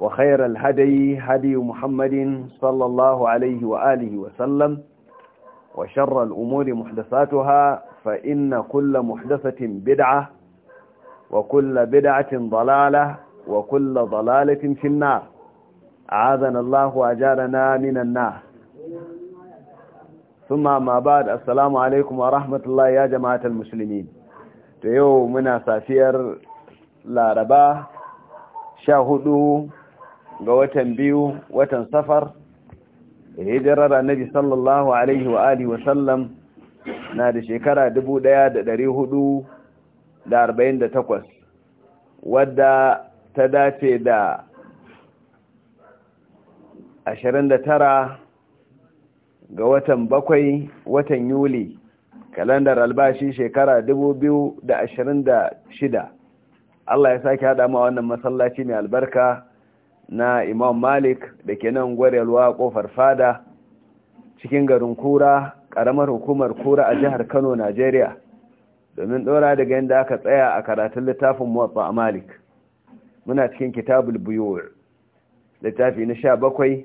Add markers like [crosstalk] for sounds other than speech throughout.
وخير الهدي هدي محمد صلى الله عليه وآله وسلم وشر الأمور محدثاتها فإن كل محدثة بدعة وكل بدعة ضلالة وكل ضلالة في النار عاذنا الله وأجارنا من النار ثم ما بعد السلام عليكم ورحمة الله يا جماعة المسلمين تيو منا سافير لارباه شاهدوا ga watan biyu watan safar hijirar annabi sallallahu alaihi wa alihi wa sallam na da shekara 1448 wadda ta dace da 29 ga watan bakwai watan yuli kalandar albashi shekara 2026 Allah ya sake haɗa mu a wannan masallaci mai albarka na imam malik da ke nan gwarewa kofar fada cikin garin kura karamar hukumar kura a jihar kano najeriya domin dora daga yadda aka tsaya a karatun littafin muwatsa a malik muna cikin kitabul buyur littafi na sha bakwai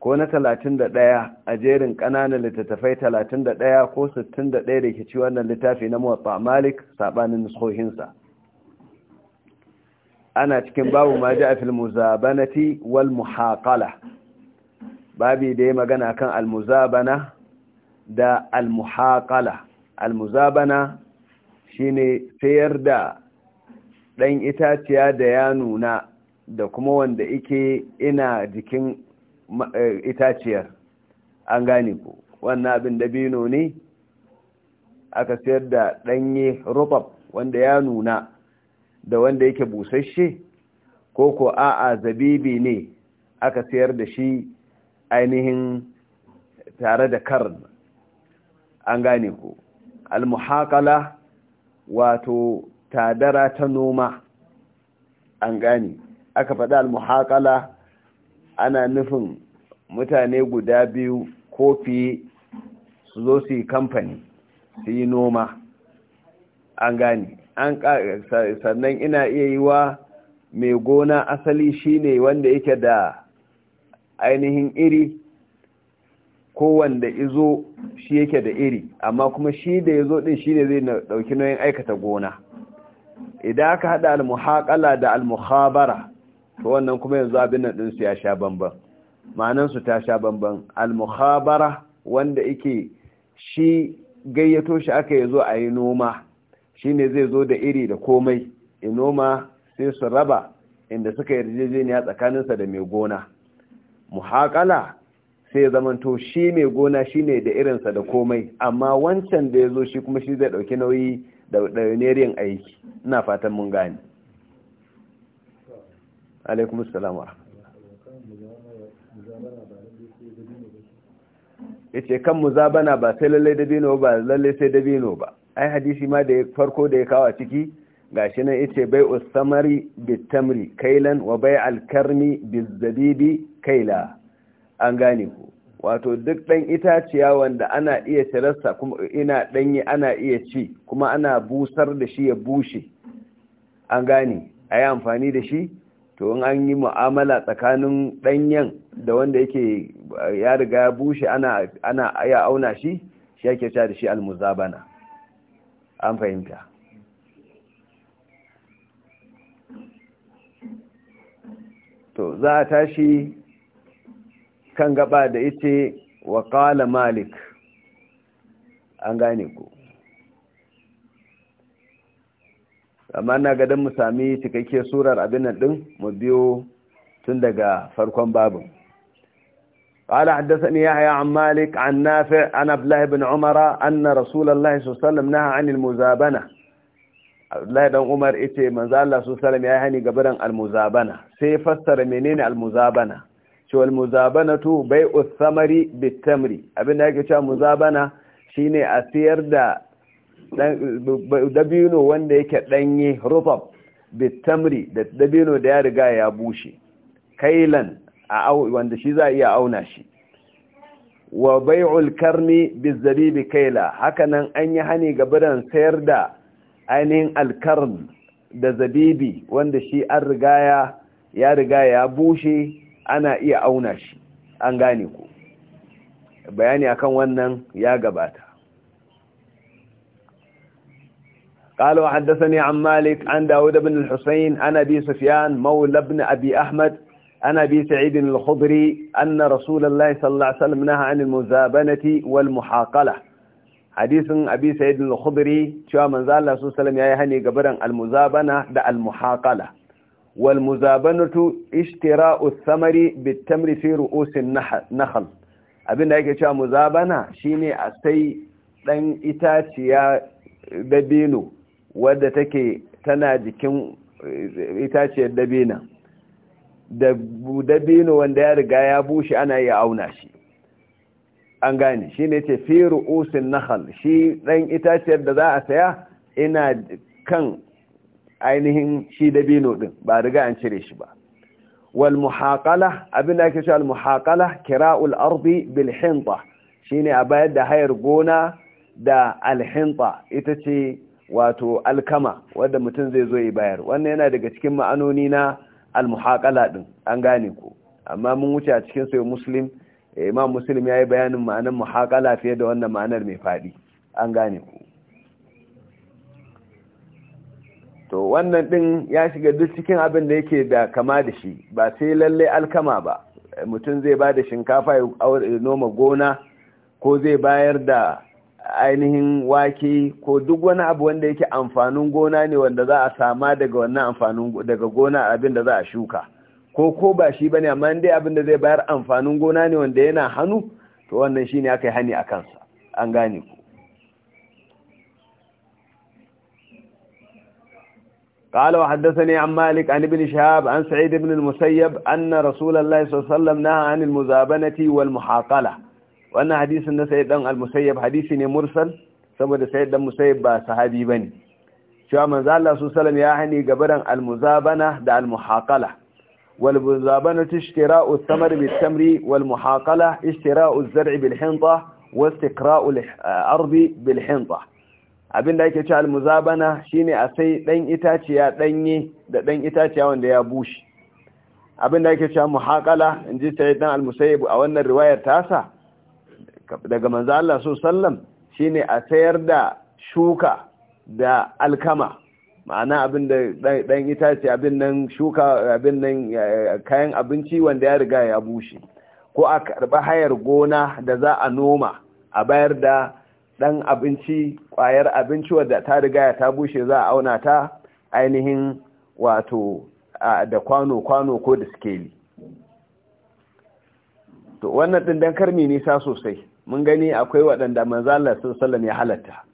ko na talatin da ɗaya a jerin ƙananan littattafai talatin da ɗaya ko sittin da ɗaya da ke ci wannan littafi na muwatsa a malik saɓanin nuskohinsa ana cikin babu ma ja fil muzabanati wal muhaƙala babi da ya magana kan almuzabana da almuhaƙala almuzabana shi ne shine sayar da ɗan itaciya da ya nuna da kuma wanda ike ina jikin itaciyar an gane ku wannan abin dabino ne aka sayar da ɗanye rubab wanda ya nuna da wanda yake busasshe ko ko a'a zabibi ne aka sayar da shi ainihin tare da karn an gane ku almuhakala wato tadara ta noma an gane aka faɗi almuhakala ana nufin mutane guda biyu ko fiye su zo su yi kamfani su yi noma an gane an sannan ina iya yi wa mai gona asali shine wanda yake da ainihin iri ko wanda izo shi yake da iri amma kuma shi da ya zo din shi ne zai ɗauki nauyin aikata gona idan aka haɗa almuhaƙala da almuhabara to wannan kuma yanzu abin nan ɗinsu ya sha bambam ma'anansu ta sha bambam almuhabara wanda yake shi gayyato shi aka yazo, zo a yi noma Shi ne zai zo da iri da komai inoma sai su raba inda suka yi yarjejeniya tsakaninsa da mai gona muhaƙala sai ya zamanto shi mai gona ne da irinsa da komai amma wancan da ya zo shi kuma shi zai ɗauki nauyi da ɗaunariyan aiki ina fatan mun gani ya ce kan ba sai lallai dabino ba lallai sai dabino ba ai hadisi ma da farko da ya kawo ciki shi nan yace bai usamari bitamri kailan wa bai alkarmi bizabibi kaila an gane ku wato duk dan itaciya wanda ana iya cirarsa kuma ina danye ana iya ci kuma ana busar da shi ya bushe an gane ayi amfani da shi to in an yi mu'amala tsakanin danyen da wanda yake ya riga ya bushe ana ana ya auna shi shi yake cewa da shi almuzabana an fahimta to za a tashi kan gaba da ita wa kala malik an gane ku amma na gadon mu sami cikakkiyar surar abinan din mu biyo tun daga farkon babin قال حدثني يحيى عن مالك عن نافع عن عبد الله بن عمر ان رسول الله صلى الله عليه وسلم نهى عن المزابنه عبد الله بن عمر ايه من قال الله صلى الله عليه وسلم يهني قبرا المزابنة سيفسر منين المزابنه شو المزابنه تو بيع الثمر بالتمر ابن هيك شو مزابنه شيني أسير دا dabino wanda yake ɗanye rufab bitamri da dabino da ya riga ya bushe kailan wanda shi za a iya auna shi wa bai'ul karmi bizabibi kaila hakanan an yi hani ga biran sayar da ainihin alkarn da zabibi wanda shi an rigaya ya rigaya ya bushe ana iya auna shi an gane ku bayani akan wannan ya gabata قال وحدثني عن مالك عن داود بن الحسين عن أبي سفيان مولى بن أبي أحمد أنا أبي سعيد الخضري أن رسول الله صلى الله عليه وسلم نهى عن المزابنة والمحاقلة حديث أبي سعيد الخضري شوى من ذا الله صلى الله عليه وسلم يهني قبرا المزابنة دا المحاقلة والمزابنة اشتراء الثمر بالتمر في رؤوس النخل abin da yake مزابنة شيني shine لن sai ببينو itaciya تناجكم wadda ببينو da budabino wanda ya riga ya bushe ana iya auna shi an gane shi ne ce fi ru'usin nahal shi ɗan itaciyar da za a saya ina kan ainihin shi dabino ɗin ba riga an cire shi ba wal muhaqala abin da ake cewa al muhaqala kira'ul ardi bil hinta shine a bayar da hayar gona da al hinta ita ce wato alkama wanda mutum zai zo yi bayar wannan yana daga cikin ma'anoni na al-muhaqala din an gane ko amma mun wuce a cikin sai muslim eh, imam muslim yayi bayanin ma'anar muhaqala fiye da wannan ma'anar mai fadi an gane ko to wannan din ya shiga duk cikin abin da yake da kama da shi ba sai lalle alkama ba mutum zai ba da shinkafa ya noma gona ko zai bayar da ainihin wake ko duk wani abu wanda yake amfanin gona ne wanda za a sama daga wannan amfanin daga gona abin da za a shuka ko ko ba shi bane amma dai abin da zai bayar amfanin gona ne wanda yana hannu to wannan shine aka yi hani a kansa an gane ku قال وحدثني عن مالك عن ابن شهاب عن سعيد بن المسيب أن رسول الله صلى الله عليه وسلم نهى عن المزابنة والمحاقلة wannan hadisin na sai dan al-musayyab hadisi ne mursal saboda sai dan musayyab ba sahabi bane cewa manzo Allah su sallam ya hani gabaran al-muzabana da al-muhaqala wal muzabana tishtira'u ath-thamr bit-tamri wal muhaqala ishtira'u az-zar'i bil-hinta wa istiqra'u al-ardi bil-hinta abinda yake cewa al-muzabana shine a sai dan itaciya danye da dan itace wanda ya bushe abinda yake cewa muhaqala inji sai dan al-musayyab a wannan riwayar tasa daga manzo Allah so sallam shine a sayar da shuka da alkama ma'ana abin da dan itace abin nan shuka abin nan kayan abinci wanda ya riga ya bushe ko a karba hayar gona da za a noma a bayar da dan abinci kwayar abinci wadda ta riga ta bushe za a auna ta ainihin wato da kwano-kwano ko da skeli to wannan ɗin dan karmi nisa sosai mun gani akwai waɗanda manzala Salam ya halatta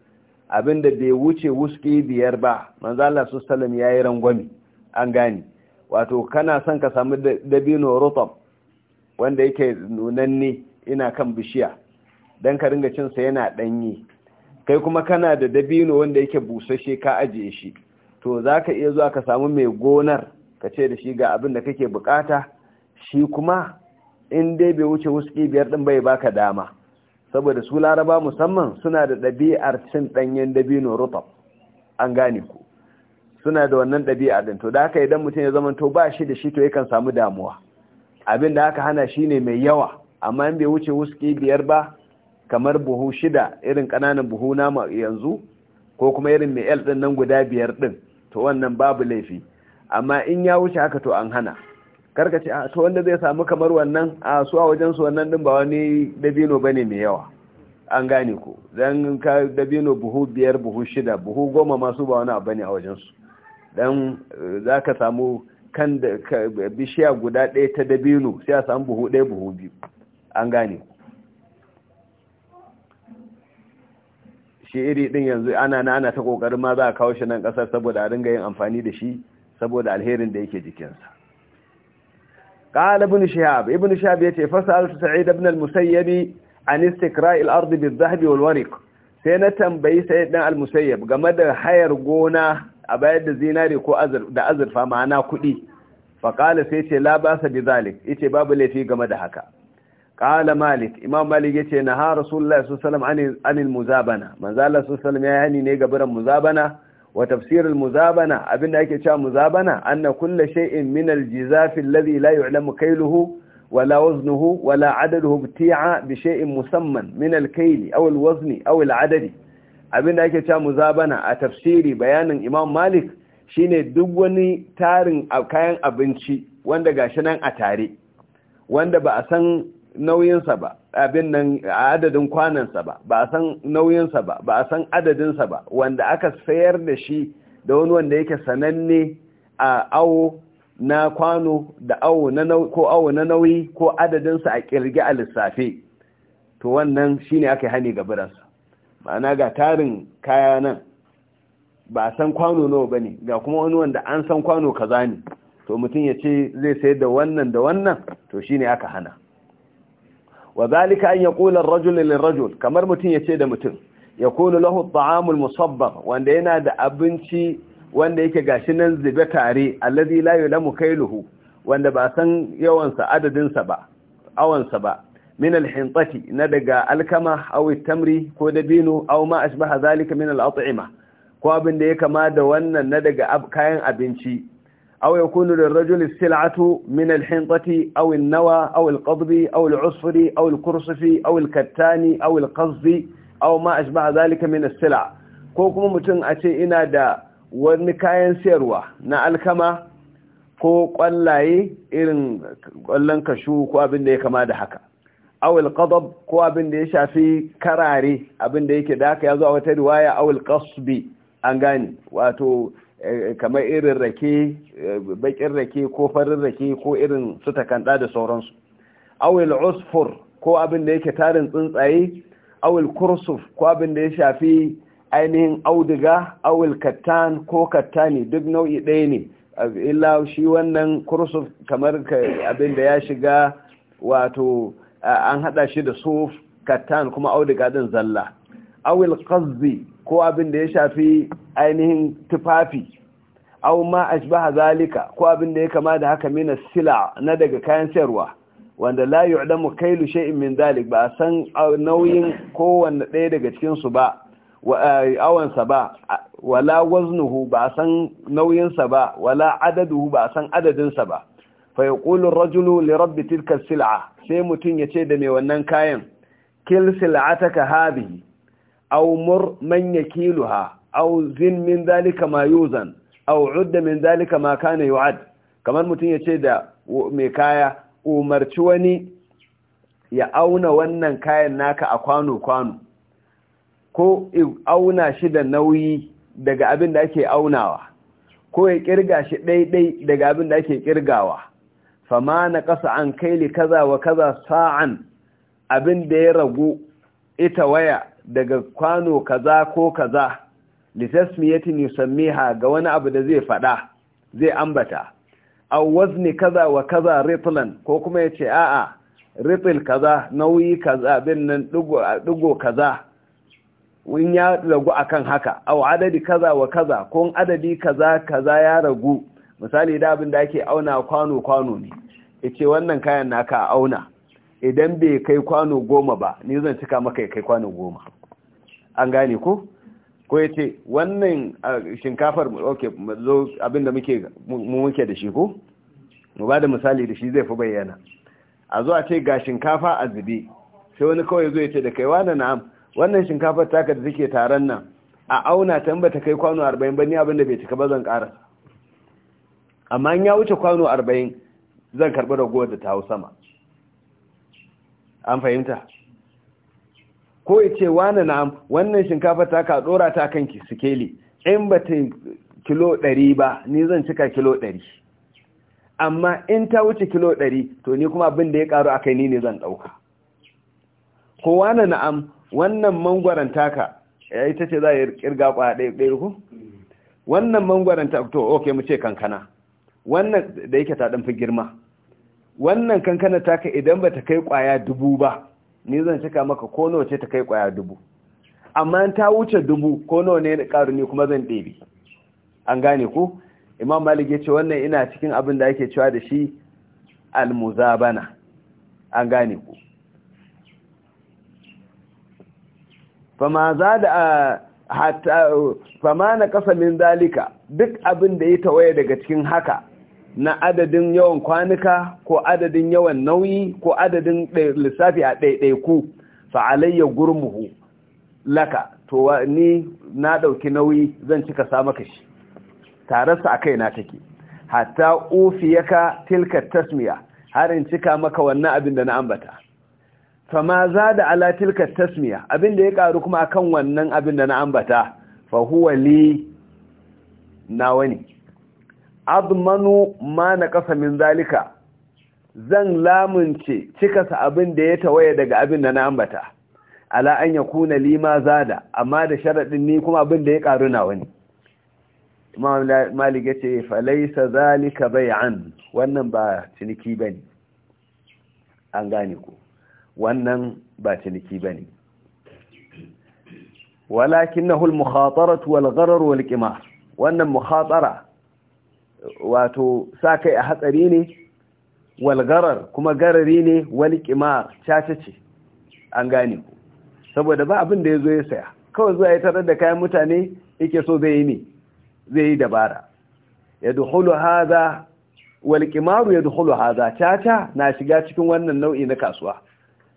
abinda bai wuce wuski biyar ba manzala Salam ya yi rangwami an gani wato kana son ka samu dabino rotom wanda yake nunanne ina kan bishiya don ka ringa cinsa yana ɗanyi kai kuma kana da dabino wanda yake busasshe ka ajiye shi to za ka iya zuwa ka samu mai gonar ka ce da shi ga abin da kake bukata shi kuma in dai bai wuce wuski biyar ɗin bai baka dama saboda su laraba musamman suna da ɗabi'ar cin ɗanyen dabino rutab an gane ku suna da wannan ɗabi'a ɗin to da haka idan mutum ya zama to ba shi da shi to yakan samu damuwa abin da aka hana shi ne mai yawa amma in bai wuce wuski biyar ba kamar buhu shida irin ƙananan buhu na yanzu ko kuma irin mai el ɗin nan guda biyar ɗin to wannan babu laifi amma in ya wuce haka to an hana karka ce ah, ta wanda zai samu kamar wannan a su a wajen su wannan din ba wani dabino bane mai yawa an gane ku. dan ka dabino buhu biyar buhu shida buhu goma masu ba wani abu bane a wajen su dan eh, zaka samu kan da bishiya guda ɗaya ta dabino sai a samu buhu ɗaya buhu biyu an gane ku shi iri ɗin yanzu ana na ana ta ƙoƙarin ma za a kawo shi nan ƙasar saboda a ringa yin amfani da shi saboda alherin da yake jikinsa قال ابن شهاب ابن شهاب يتي فسألت سعيد بن المسيب عن استكراء الأرض بالذهب والورق سينا تنبي سيدنا المسيب قمد حير قونا أبايد زيناري كو أزر دا أزر فمعنا كلي فقال سيتي لا باس بذلك إتي باب اللي في قمد حكا قال مالك إمام مالك يتي نهى رسول الله صلى الله عليه وسلم عن المزابنة من ذا الله صلى الله عليه وسلم يعني نيقى برا مزابنة wa tafsirin muzabana abinda ake cewa muzabana anna kullu shay'in min al-jizaf alladhi la yu'lamu kayluhu wala waznuhu wala adaduhu ibti'a bi shay'in musamman min al aw al-wazni aw al-adadi abinda ake cewa muzabana a tafsiri bayanin Imam Malik shine duk wani tarin kayan abinci wanda gashi nan a tare wanda ba a san nauyinsa ba abin nan adadin kwanansa ba ba a san nauyinsa ba ba a san adadinsa ba wanda aka sayar da shi da wani wanda yake sananne a awo na kwano da awo na ko awo na nauyi ko adadinsa a kirge a lissafe to wannan shi ne aka yi hani ga biransa ma'ana ga tarin kaya nan ba san kwano nawa ba ne ga kuma wani wanda an san kwano kaza ne to mutum ya ce zai sayar da wannan da wannan to shi ne aka hana wa zalika an yaqula ar-rajul lir-rajul kamar mutum yace da mutum yaqulu lahu at-ta'amul musabbagh wanda yana da abinci wanda yake gashi nan zube tare allazi la yulamu luhu wanda ba san yawan sa adadin sa ba awan sa ba min al-hintati na daga alkama aw tamri ko dabino aw ma asbaha zalika min al-at'ima ko abin da ya kama da wannan na daga kayan abinci أو يكون للرجل السلعة من الحنطة أو النوى أو القضب أو العصفر أو القرصف أو الكتان أو القصد أو ما أشبه ذلك من السلع كوكما متن أتي إنا دا ونكاين سيروا نا الكما ko kwallaye irin kwallon kashu ko abin da ya kama da haka awil qadab ko abin da ya shafi karare abin da yake da haka ya zo wata riwaya awil qasbi an wato kamar irin rake eh, bakin rake ko farin rake ko irin su takanda da sauransu awil usfur ko abin da yake tarin tsuntsaye awil kursuf ko abin da ya shafi ainihin auduga awil kattan ko kattani duk nau'i ɗaya ne illa shi wannan kursuf kamar abin da ya shiga wato eh, an hada shi da suf kattan kuma auduga din zalla awil qazzi ko abin da ya shafi ainihin tufafi aw ma ashbaha zalika ko abin da ya kama da haka mina sila na daga kayan sayarwa wanda la yu'lamu kailu shay'in min zalik ba san nauyin kowanne ɗaya daga cikin su ba eh, awan sa ba wala waznuhu ba san nauyin sa ba wala adaduhu ba san adadin sa ba fa yaqulu ar-rajulu li rabbi tilka as-sil'a sai mutun yace da mai wannan kayan kil sil'ataka hadhihi aw mur man yakiluha aw zin min zalika ma yuzan aw udda min kamar mutum ya ce da mai kaya umarci wani ya auna wannan kayan naka a kwano-kwano ko auna shi da nauyi daga abin da ake aunawa ko ya kirga shi ɗaiɗai daga abin da ake kirgawa fama na ƙasa an kaili kaza wa kaza sa'an abin da ya ragu ita waya daga kwano kaza ko kaza litasmiyatin yusammiha ga wani abu da zai fada zai ambata aw wazni kaza wa kaza ritlan ko kuma yace a'a ritl kaza nauyi kaza bin nan dugo kaza wun ya ragu akan haka aw adadi kaza wa kaza ko adadi kaza kaza ya ragu misali da abin da ake auna kwano kwano ne yace wannan kayan naka auna idan bai kai kwano goma ba ni zan cika maka ya kai kwano goma an gane ko ko ya ce wannan shinkafar ok zo abinda muke muke da shi ko mu ba da misali da shi zai fi bayyana a zo a ce ga shinkafa a zube sai wani kawai zo ya ce da kai wani na'am wannan shinkafar taka da suke taron nan a auna ta ba ta kai kwano 40 ba ni abinda bai cika ba zan ƙara amma in ya wuce kwano 40 zan karɓi ragowar da ta hau sama an fahimta ko ce wani na wannan shinkafa ta ka dora ta kan sikeli in ba ta kilo 100 ba ni zan cika kilo 100 amma in ta wuce kilo 100 to ni kuma abin da ya karu kai ni ne zan ɗauka. ko wani na'am wannan mangwaron taka eh, ita ce za a kirga kwa ɗaya ɗaya ku wannan mangwaron taka to ok mu ce kankana wannan da yake ta dan fi girma wannan kankana taka idan ba ta kai kwaya dubu ba ni zan cika maka ko nawa ce ta kai kwaya dubu amma ta wuce dubu ko nawa ne karu ne kuma zan ɗebe an gane ko imam malik ya ce wannan ina cikin abin da ake cewa da shi almuzabana an gane ku za fama na kasa min zalika duk abin da ya tawaye daga cikin haka na adadin yawan kwanuka ko adadin yawan nauyi ko adadin lissafi a ɗaiɗaiku fa'alayya gurmuhu laka to ni na ɗauki nauyi zan cika sa maka shi tararsa a kaina take hatta yaka tilka tasmiya har in cika maka wannan abin da na ambata fama za da ala tilka tasmiya abin da ya ƙaru kuma akan wannan abin da na ambata fa huwa li nawa ne azmanu ma na ƙasa min zalika zan lamunce cikasa abin da ya tawaye daga abin da na ambata ala an yakuna lima zada amma da sharaɗin ni kuma abin da ya karu na wani imam malik ya ce falaisa zalika bay'an wannan ba ciniki bane. an gane ku wannan ba ciniki bane. walakinahu walakin na wal gharar wal wannan mukhatara wato sa kai a hatsari ne walgarar kuma garari ne wani kima caca ce an gane ku saboda ba abin da ya zo ya saya kawai zuwa ya tarar da kayan mutane yake so zai yi ne zai yi dabara ya duhulu haza walƙimaru ya duhulu haza caca na shiga cikin wannan nau'i na kasuwa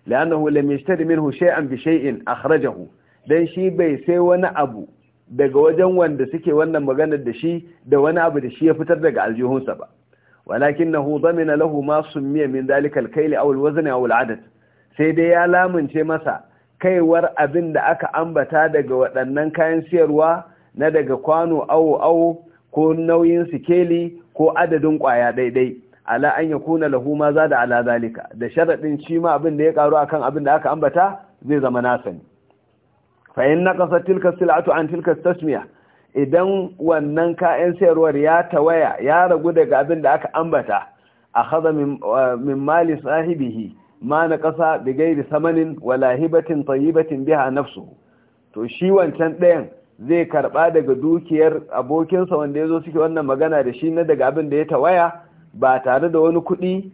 la'annahu lam yashtari minhu shay'an bi shay'in akhrajahu dan shi bai sai wani abu daga wajen wanda suke wannan maganar da shi da wani abu da shi ya fitar daga aljihunsa ba Walakin walakinahu mina lahu ma miya min dalikal kai alkayl awul wazani awul adad sai dai ya lamunce masa kaiwar abin da aka ambata daga waɗannan kayan siyarwa na daga kwano awo awo ko nauyin sikeli ko adadin ƙwaya daidai ala an ya kuna lahu ma za da ala zalika da sharaɗin shi ma abin da ya ƙaru akan abin da aka ambata zai zama nasa ne fa na ƙasa, tilka sil'atu an tilka tasmiya idan wannan kayan sayarwar ya tawaya ya ragu daga abin da aka ambata a haza min mali sahibihi ma ƙasa, da gairi samanin walahibatin tsayibatin biha nafsu. to shi wancan ɗayan zai karɓa daga dukiyar abokinsa wanda ya zo suke wannan magana da shi na daga abin da ya tawaya ba tare da wani kuɗi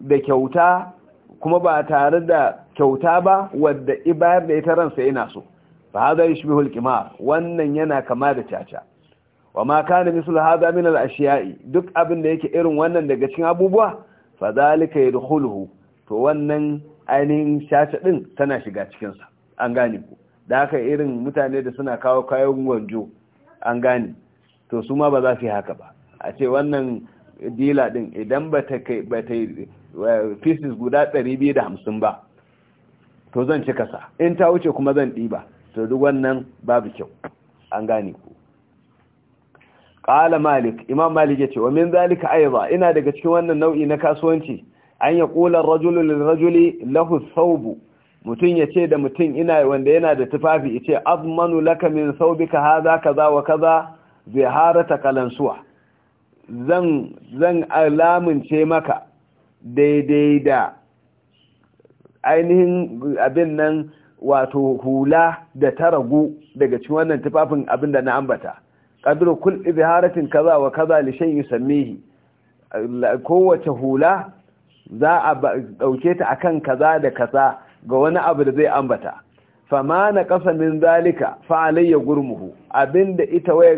da kyauta kuma ba tare da kyauta ba wadda ibayar da ita ransa yana so fa hada yushbihu al-qimar wannan yana kama da caca wa ma kana mislu hada min al-ashiya'i duk abin da yake irin wannan daga cikin abubuwa fa zalika yadkhuluhu to wannan ainihin caca din tana shiga cikin sa an gane ku da haka irin mutane da suna kawo kayan wanjo an gane to su ma ba za su haka ba a ce wannan dila din idan ba ta kai ba ta pieces guda 250 ba to zan cika sa in ta wuce kuma zan ɗiba to duk wannan babu kyau an gane ku qala malik imam malik yace wa min zalika aiza ina daga cikin wannan nau'i na kasuwanci an ya qula ar-rajulu lir-rajuli lahu thawb mutun yace da mutun ina wanda yana da tufafi yace azmanu laka min thawbika hadha kaza wa kaza ziharata kalansuwa zan zan alamince maka daidai da ainihin abin nan wato hula da ta ragu daga cikin wannan tufafin abin da na ambata qadru kul izharatin kaza wa kaza li shay'in yusammihi kowace hula za a ɗauke ta akan kaza da kaza ga wani abu da zai ambata fama na kasa min zalika fa alayya gurmuhu abinda ita waya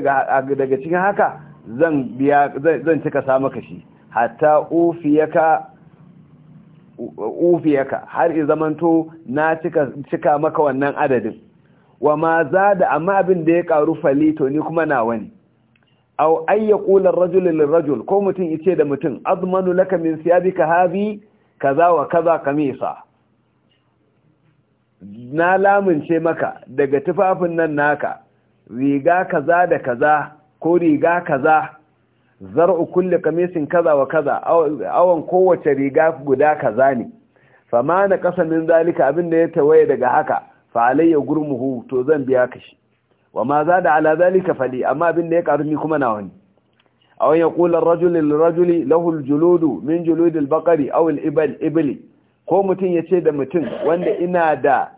daga cikin haka zan biya zan cika sa maka shi hatta ufiyaka ufiyaka har i zamanto na cika maka wannan adadin wa ma za da amma abin da ya karu falito ni kuma na wani aw ay yaqula ar-rajul lir-rajul ko mutun yace da mutum, azmanu laka min siyabika hadhi kaza wa kaza kamisa na lamince maka daga tufafin nan naka riga kaza da kaza ko riga kaza zar'u kulli kamisin kaza wa kaza awan kowace riga guda kaza ne Fa ma na kasa min zalika abin da ya tawaye daga haka fa alayya gurmuhu to zan biya ka shi wa ma zada ala zalika fali amma abin da ya karu ni kuma nawa ne aw yaqulu ar-rajul lir-rajuli lahu al juludu min julud al-baqari aw al ibal ibli ko mutun yace da mutun wanda ina da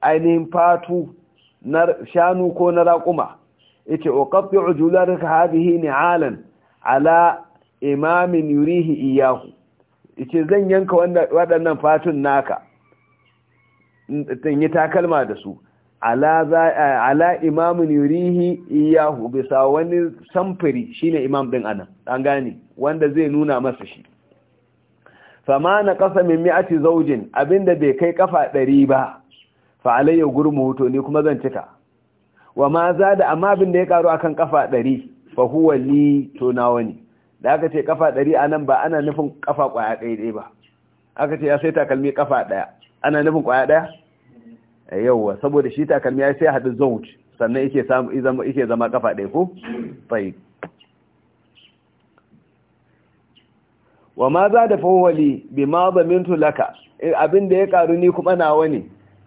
ainihin fatu na shanu ko na raquma yace uqatti'u jularaka hadhihi ni'alan ala imamin yurihi iyahu yace zan yanka waɗannan fatun naka yi takalma da su ala imamin yurihi iyahu bisa wani samfuri shine imam din anan an gane wanda zai nuna masa shi fama na kasa min mi'ati zaujin abinda bai kai kafa ɗari ba fa alayya gurmu to ni kuma zan cika wa ma da amma abinda ya karu akan kafa ɗari fa huwa li to ne da aka ce kafa ɗari a nan ba ana nufin kafa ƙwaya ɗaya ɗaya ba aka ce ya sai takalmi kafa ɗaya ana nufin ƙwaya ɗaya eh, yauwa saboda shi takalmi ya sai haɗu zauj sannan ike samu ike zama kafa ɗaya ko tsayi wa ma za da fawali bi ma mintu laka eh, abin da ya karu ni kuma nawa ne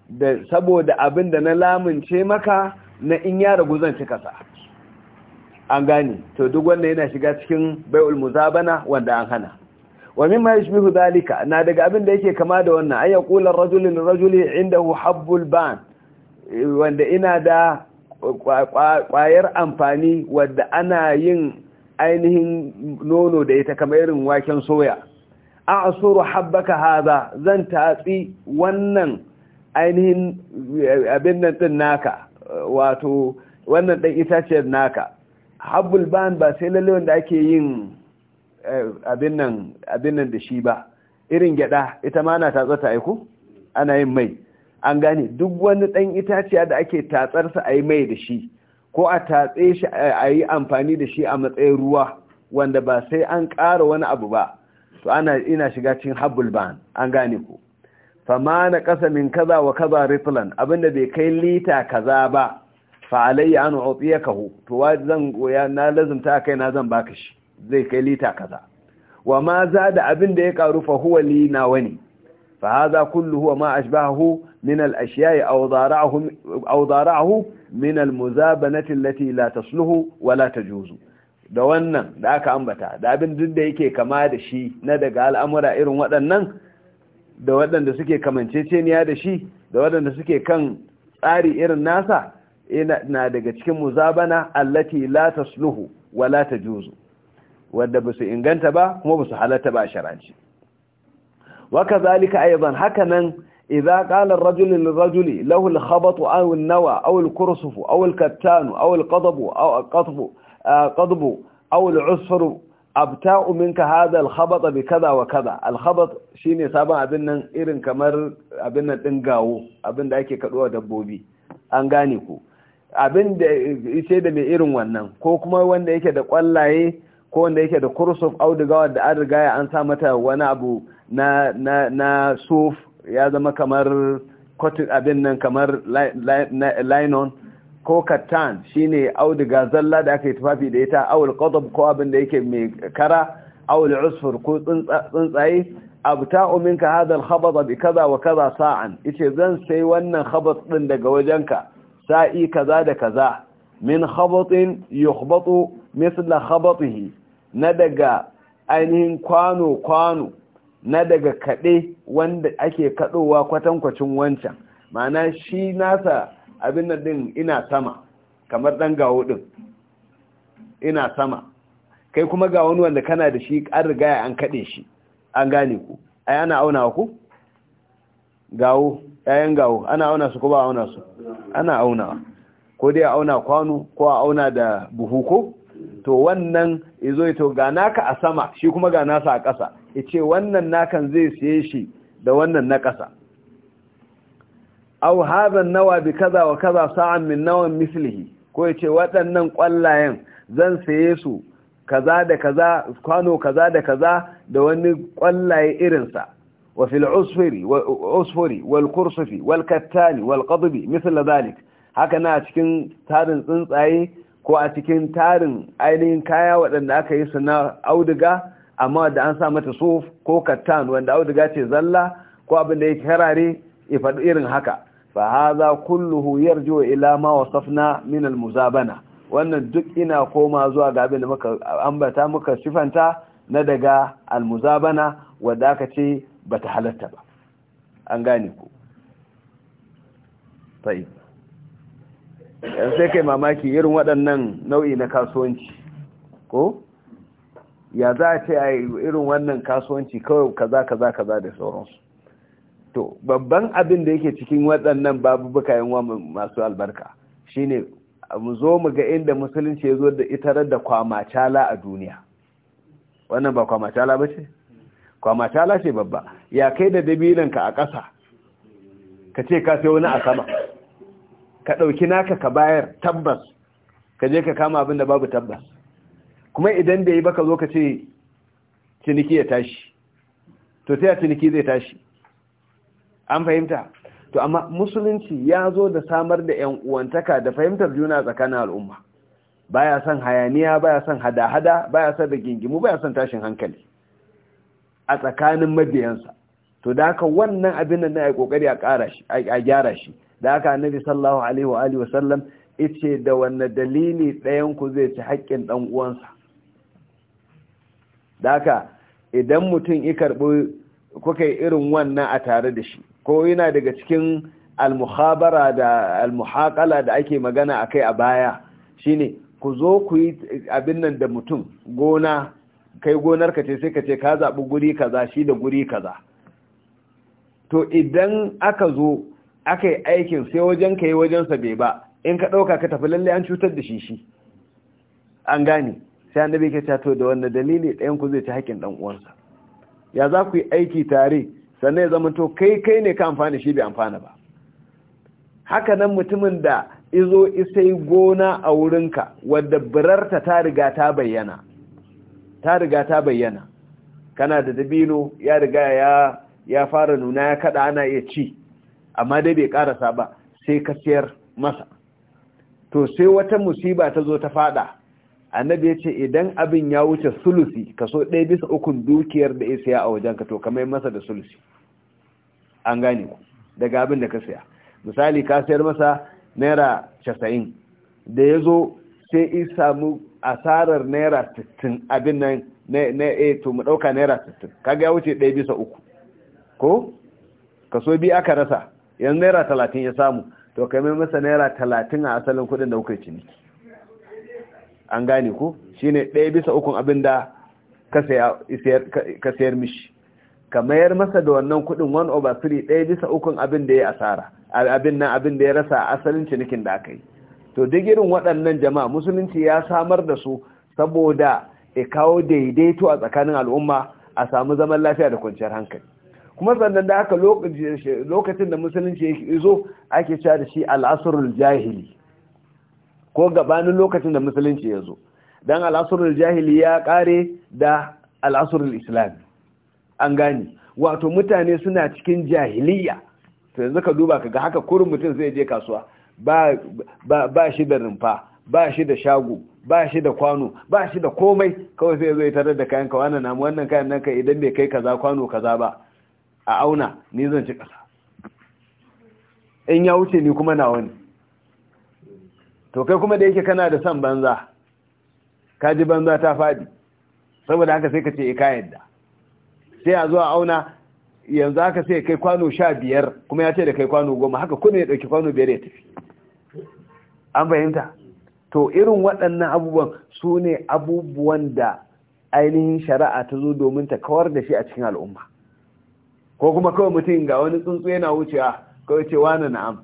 da saboda abin da na lamunce maka na in ya ragu zan cika sa an gane to duk wanda yana shiga cikin bai'ul muzabana wanda an hana wa mimma yashbihu dhalika na daga abin da yake kama da wannan ay yaqulu ar-rajulu lir-rajuli indahu habbul ban wanda ina da kwayar amfani wanda ana yin ainihin nono da ita kamar irin waken soya a'suru habbaka hadha zan tatsi wannan ainihin abin nan din naka wato wannan dan itaciyar naka habbul ban ba sai lalle wanda ake yin eh, abin nan da shi ba irin gyada ita ma ana tatsar ta aiku ana yin mai an gane duk wani ɗan itaciya da ake tatsar sa a yi mai da shi ko a tatse shi a yi amfani da shi a matsayin ruwa wanda ba sai an ƙara wani abu ba to ana ina shiga cikin habbul ban an gane ku fama na kaza wa kaza riflan abinda bai kai lita kaza ba fa an an kahu, to wa zan goya na lazumta kai na zan baka shi zai kai lita kaza wa ma za da abin da ya karu fa huwa li na wani, fa hadha kullu wa ma ashbahu min al ashiya'i aw dara'ahu min al allati la tasluhu wa la tajuzu da wannan da aka ambata da abin duk da yake kama da shi na daga al'amura irin waɗannan da waɗanda suke kamanceceniya da shi da waɗanda suke kan tsari irin nasa na daga cikin muzabana allati la tasluhu wa la tajuzu wadda ba su inganta ba kuma ba su halatta ba a sharanci waka zalika aidan haka nan idza qala ar-rajulu rajuli lahu khabatu aw nawa aw al-kursufu aw kattanu aw al-qadbu aw al-qadbu qadbu aw abta'u minka hadha bi kaza wa kaza al shine sabon abin nan irin kamar abin nan din gawo abin da ake kaduwa dabbobi an gane ku abin da ishe da mai irin wannan ko kuma wanda yake da kwallaye ko wanda yake da kursuf auduga da an an sa mata wani abu na suf ya zama kamar cotton abin nan kamar linon ko kattan shine auduga zalla da aka yi tufafi da ita awul qadab ko abin da yake mai kara awul usfur ko tsuntsaye abta'u minka hadha al-khabat bi kaza wa kaza sa'an ice zan sai wannan habas ɗin daga wajenka sa'i kaza da kaza min khabatin yukhbatu misla khabatihi na daga ainihin kwano kwano na daga kade wanda ake kadowa kwatankwacin wancan ma'ana shi nasa abin nan din ina sama kamar dan gawo din ina sama kai kuma ga wani wanda kana da shi an riga an kade shi an gane ku ai ana auna ku gawo ɗayan gawo ana auna su ko ba auna su ana auna ko dai auna kwano ko a auna da buhu ko to wannan izo ito ga naka a sama shi kuma ga nasa a ƙasa ce wannan nakan zai siye shi da wannan na ƙasa aw hadha nawa bi kaza wa kaza sa'an min nawan mislihi ko yace waɗannan ƙwallayen zan saye su kaza da kaza kwano kaza da kaza da wani ƙwallaye irinsa وفي العصفر والعصفر والقرصف والكتان والقضب مثل ذلك هكذا cikin tarin tsuntsaye ko a cikin tarin ainihin kaya waɗanda aka yi suna auduga amma da an sa mata suf ko kattan wanda auduga ce zalla ko abin da yake karare ifadu irin haka fa hadha kulluhu yarju ila ma wasafna min al muzabana wannan duk ina koma zuwa ga abin da muka ambata muka sifanta na daga al muzabana wanda aka ce ba ta halatta ba an gane ku sai kai mamaki irin waɗannan nau'i na kasuwanci ko ya za a ce a irin wannan kasuwanci kawai kaza kaza kaza da sauransu to babban abin da yake cikin waɗannan babu yanwa masu albarka shine mu zo mu ga inda musulunci ya zo da itarar da kwamacala a duniya wannan ba kwamacala ba ce kwama ta lashe babba ya kai da dabilanka a ƙasa ka ce ka sai wani a sama ka ɗauki naka ka bayar tabbas ka je ka kama abin da babu tabbas kuma idan da yi baka zo ka ce ciniki ya tashi to sai a ciniki zai tashi an fahimta to amma musulunci ya zo da samar da yan uwantaka da fahimtar juna tsakanin al'umma baya son hayaniya baya son hada-hada baya son da gingimu baya son tashin hankali a tsakanin mabiyansa to da haka wannan abin nan ai kokari a ƙara shi a gyara shi da haka annabi sallallahu alaihi wa alihi wasallam yace da wannan dalili ɗayan ku zai ci haƙƙin dan uwansa da haka idan mutum ya karbi ko kai irin wannan a tare da shi ko yana daga cikin almuhabara da al-muhaqala da ake magana akai a baya shine ku zo ku yi abin nan da mutum gona kai gonar ka ce sai ka ce ka zaɓi guri kaza shi da guri kaza to idan aka zo aka yi aikin sai wajen ka yi wajensa bai ba in ka ɗauka ka tafi lalle an cutar da shi shi an gane sai annabi ke cato da wanda dalili ɗayan ku zai ci haƙƙin ɗan uwansa ya za ku yi aiki tare sannan ya zama to kai kai ne ka amfana shi bai amfana ba haka nan mutumin da izo isai gona a wurinka wadda birarta ta riga ta bayyana ta riga ta bayyana kana da dabino ya riga ya ya fara nuna ya kada ana iya ci amma dai bai karasa ba sai ka siyar masa to sai wata musiba ta zo ta fada annabi ya ce idan abin ya wuce sulusi kaso ɗaya bisa ukun dukiyar da ya siya a wajenka to kamar masa da sulusi an gane ku daga abin da ka siya misali ka sayar masa naira casa'in da ya zo sai in samu asarar naira 60 abin nan na eh to mu dauka naira 60 kaga ya wuce 1 bisa 3 ko kaso bi aka rasa yanzu naira 30 ya samu to kai mai masa naira 30 a asalin kudin da kuka ciniki an gane ko shine 1 bisa 3 abin da ka ka sayar mishi ka mayar masa da wannan kudin 1 over 3 1 bisa 3 abin da ya asara abin nan abin da ya rasa asalin cinikin da aka yi to duk irin waɗannan jama'a musulunci ya samar da su saboda ya kawo daidaito a tsakanin al'umma a samu zaman lafiya da kwanciyar hankali kuma sannan da aka lokacin da musulunci ya zo ake cewa da shi al'asrul jahili ko gabanin lokacin da musulunci ya zo dan al'asrul jahili ya kare da al'asrul islam, an gane wato mutane suna cikin jahiliya to yanzu ka duba kaga haka kurin mutum zai je kasuwa ba shi da rumfa ba shi da shago ba shi da kwano ba shi da komai kawai sai zai tarar da kayan kawana na wannan kayan nan ka idan bai kai kaza kwano kaza ba a auna ni zan ci kasa in ya wuce ni kuma na wani to kai kuma da yake kana da san banza ka ji banza ta fadi saboda haka sai ka ce eh, ka yadda sai a zuwa auna yanzu haka sai kai kwano sha biyar kuma ya ce da kai kwano goma haka kuma ya ɗauki kwano biyar ya tafi an fahimta to irin waɗannan abubuwan su ne abubuwan da ainihin shari'a ta zo domin ta kawar da shi a cikin al'umma ko kuma kawai mutum ga wani tsuntsu yana wucewa kawai ce wani na'am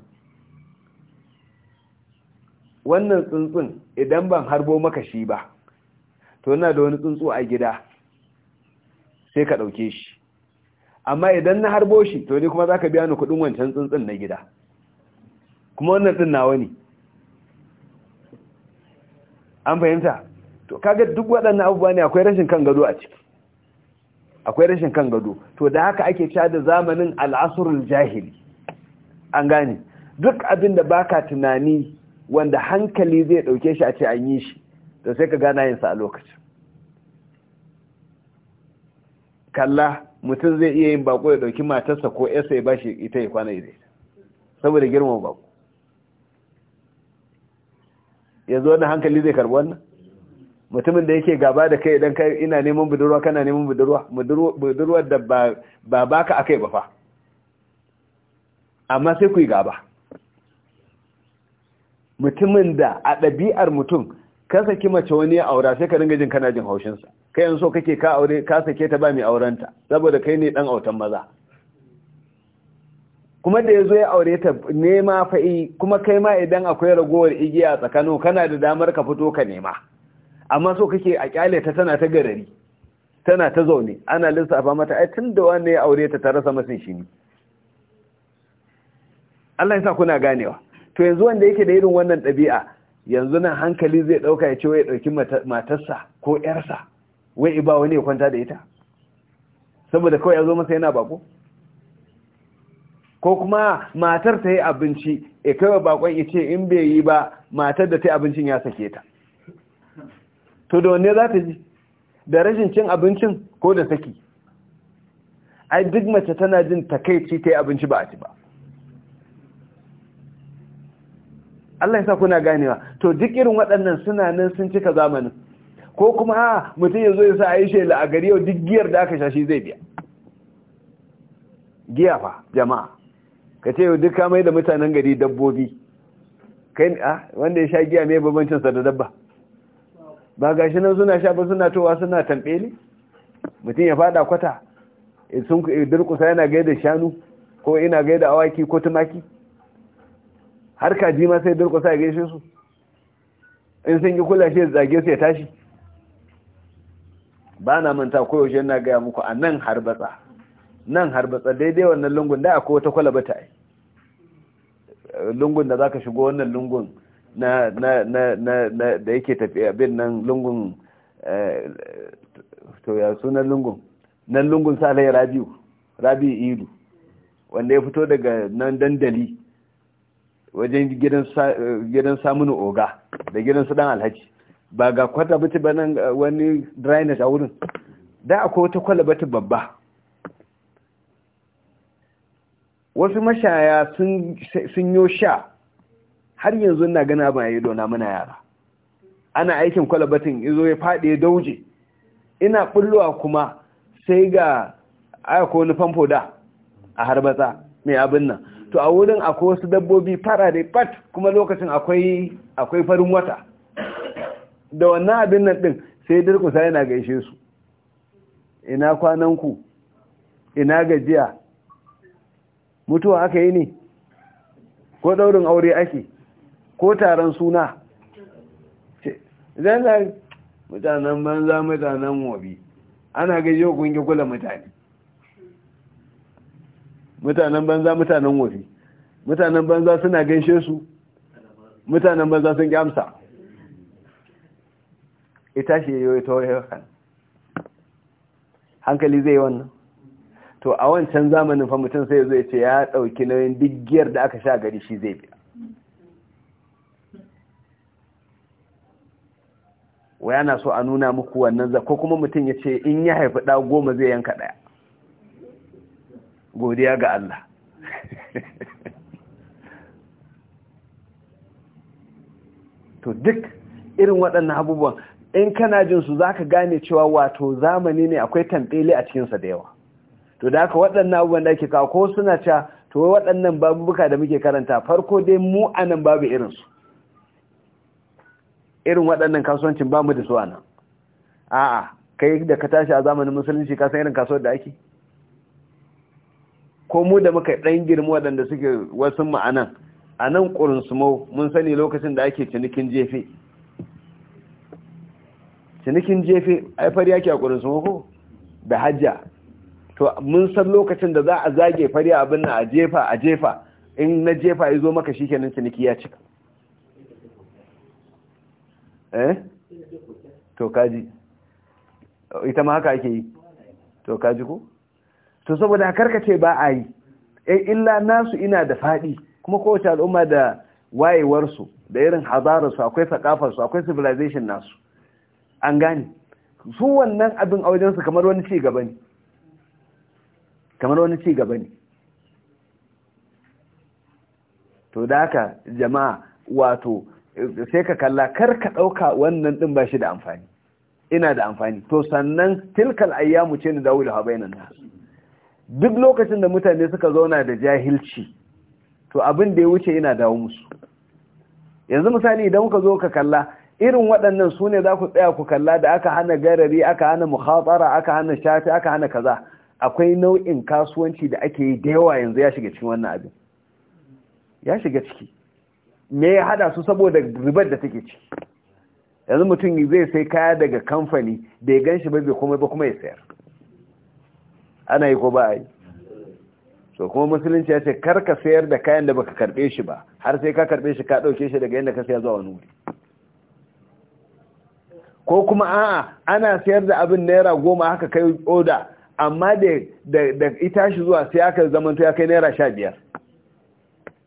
wannan tsuntsun idan ban harbo maka shi ba to yana da wani tsuntsu a gida sai ka ɗauke shi amma idan na harbo shi to ne kuma za ka biya ni kuɗin wancan tsuntsun na gida kuma wannan ɗin nawa ne an fahimta to kaga duk waɗannan abubuwa ne akwai rashin kan gado a ciki akwai rashin kan gado to da haka ake cewa da zamanin al'asrul jahili an gane duk abin da baka tunani wanda hankali zai dauke shi a ce an yi shi to sai ka gana yin a lokacin kalla mutum zai iya yin bako ya dauki matarsa ko yarsa ya bashi ita ya kwana idai saboda girman bako yanzu wannan hankali zai karbi wannan mutumin da yake gaba da kai idan kai ina neman budurwa kana neman budurwa budurwa da ba baka akai ba fa amma sai ku yi gaba mutumin da a ɗabi'ar mutum ka saki mace wani ya aura sai ka dinga jin kana jin haushinsa kai yanzu so kake ka aure ka sake ta ba mai aurenta saboda kai ne dan autan maza kuma da ya zo ya aure ta nema fa'i kuma kai ma idan akwai ragowar igiya tsakano kana da damar ka fito ka nema amma so kake a kyale ta tana ta garari tana ta zaune ana lissafa mata ai tun da wanda ya aure ta ta rasa masin shi ne Allah ya sa kuna ganewa to yanzu wanda yake da irin wannan ɗabi'a yanzu nan hankali zai ɗauka ya ce wai ɗauki matarsa ko 'yarsa, wai ba wani ya kwanta da ita saboda kawai ya zo masa yana bako ko kuma matar ta yi abinci e wa bakon ya ce in bai yi ba matar da ta yi abincin ya sake ta to da wanne za ta ji da rashin cin abincin ko da saki ai duk mace tana jin takaici ta yi abinci ba a ci ba Allah ya sa kuna ganewa to duk irin waɗannan suna nan sun cika zamanin ko kuma ha mutum ya zo ya sa a yi shela a gari yau duk giyar da aka sha shi zai biya giya fa jama'a ka ce yau ka mai da mutanen gari dabbobi kai a ah, wanda ya sha giya mai babancinsa da dabba ba ga shi nan suna sha ba suna towa suna ne mutum ya fada kwata sun durkusa yana gaida shanu ko ina gaida awaki ko tumaki har kaji ma sai durkusa ya gaishe su in sun yi kula shi zage su ya tashi ba na manta koyaushe na gaya muku a nan harbatsa nan harbatsa daidai wannan lungun da akwai wata kwalaba ta yi lungun da zaka shigo wannan lungun na na na na da yake tafiya bin nan lungun eh, to ya sunan lungun nan lungun salai rabiu rabi ilu wanda ya fito daga nan dandali wajen gidan samun oga da gidan su dan alhaji ba ga kwata bace ba nan wani dryness a wurin da akwai wata kwalabata babba wasu mashaya sun yo sha har yanzu na gana ba ya dona muna yara ana aikin kwalabatin izo ya faɗi ya dauje ina ɓullowa kuma sai ga ayako wani famfo da a harbata mai abin nan to a wurin akwai wasu dabbobi fara da pat kuma lokacin akwai farin wata da wannan abin nan ɗin sai dirkusa yana gaishe su ina kwananku ina gajiya mutuwa aka yi ne ko daurin aure ake ko taron suna zai mutanen banza mutanen wabi ana gaji yau kungi kula mutane mutanen banza mutanen wabi mutanen banza suna ganshe su mutanen banza sun gamsa ita shi yau ta wayo hankali zai wannan to a wancan zamanin fa mutum sai zai ce ya ɗauki nauyin duk da aka sha gari shi zai biya waya na so a nuna muku wannan za ko kuma mutum ya ce in ya haifi ɗa goma zai yanka ɗaya godiya ga Allah [laughs] to duk irin waɗannan abubuwan in kana jin su za ka gane cewa wato zamani ne akwai tamɓele a cikinsa da yawa to da haka waɗannan abubuwan da ake kawo ko suna cewa to waɗannan babubuka da muke karanta farko dai mu anan babu irinsu irin waɗannan kasuwancin ba mu da su anan a'a kai da ka tashi a zamanin musulunci ka san irin kasuwar da ake ko mu da muka ɗan girma waɗanda suke wasu mu a nan a nan ƙurin sumau mun sani lokacin da ake cinikin jefe cinikin jefe ai fari yake a ƙurin sumau ko da hajja to mun san lokacin da za a zage fari abin na a jefa a jefa in na jefa ya zo maka shikenan ciniki ya cika eh to kaji ita ma haka ake yi to kaji ko to saboda karkace ba a yi eh, illa nasu ina da fadi kuma kowace al'umma da wayewarsu da irin hazararsu akwai su akwai civilization nasu an gane su wannan abin a wajensu kamar wani ci gaba ne kamar wani ci gaba ne to da haka jama'a wato sai ka kalla kar ka ɗauka wannan ɗin ba shi da amfani ina da amfani to sannan tilkal ayyamu ce ni dawo da habainan nas duk lokacin da mutane suka zauna da jahilci to abin da ya wuce ina dawo musu yanzu misali idan kuka zo ka kalla irin waɗannan su ne za ku tsaya ku kalla da aka hana garari aka hana muhatara aka hana shafi aka hana kaza akwai nau'in kasuwanci da ake yi da yawa yanzu ya shiga cikin wannan abin ya shiga ciki me ya hada su saboda ribar da take ciki yanzu mutum zai sai kaya daga kamfani da ya gan ba bai kuma ba kuma ya sayar ana yi ko ba a yi so kuma musulunci ya ce kar ka sayar da kayan da baka karbe shi ba har sai ka karbe shi ka dauke shi daga yadda ka saya zuwa wani wuri ko kuma a'a ana sayar da abin naira goma haka kai oda amma da ita shi zuwa sai aka zaman to ya kai naira sha biyar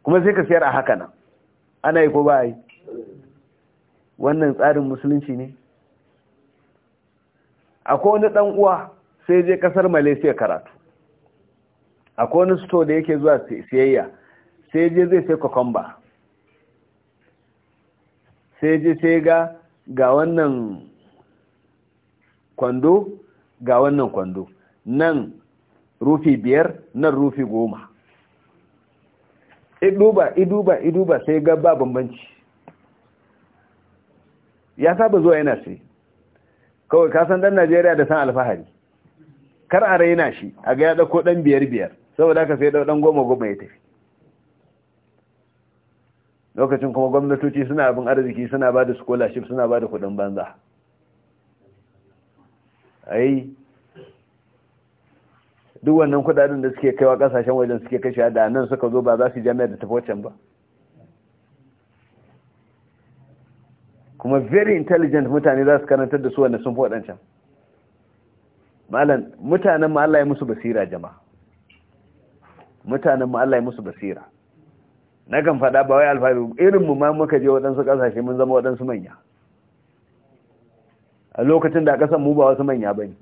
kuma sai ka sayar a haka nan ana yi ko ba yi wannan tsarin musulunci ne akwai wani dan uwa sai je kasar malaysia karatu akwai wani store da yake zuwa siyayya sai je zai sai cucumber sai je sai ga ga wannan kwando ga wannan kwando nan rufi biyar nan rufi goma iduba iduba iduba sai ga ba bambanci ya saba zuwa yana sai kawai kasan ɗan najeriya da san alfahari kar a raina shi a ga ya ɗauko ɗan biyar biyar saboda haka sai ɗan goma goma ya tafi lokacin kuma gwamnatoci suna abin arziki suna ba da scholarship suna ba da kuɗin banza ai duk wannan kudaden da suke kaiwa kasashen wajen suke kashe da nan suka zo ba za su jami'a da tafocin ba kuma very intelligent mutane za su karantar da su wanda sun fi malam mutanen ma Allah ya musu basira jama'a mutanen ma Allah ya musu basira na kan fada ba wai alfahari irin mu ma muka je waɗansu ƙasashe mun zama waɗansu manya a lokacin da ƙasan mu ba wasu manya ne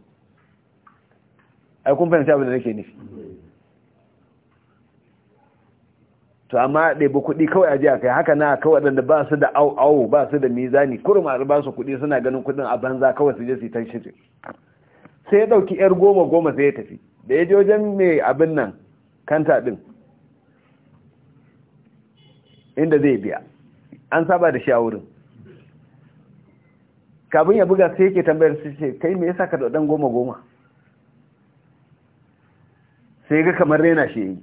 ai kun fahimci abin da nake nufi to amma ɗaiba kuɗi kawai aji a kai haka na kawai wadanda ba su da au ba su da mizani kurum a ba su kuɗi suna ganin kuɗin a banza kawai su je su ta shirin sai ya ɗauki yar goma goma sai ya tafi da ya je wajen mai abin nan kanta din, inda zai biya an saba da shi a wurin kafin ya buga sai yake tambayar su ce kai me yasa ka da ɗan goma goma sai ga kamar rena shi yi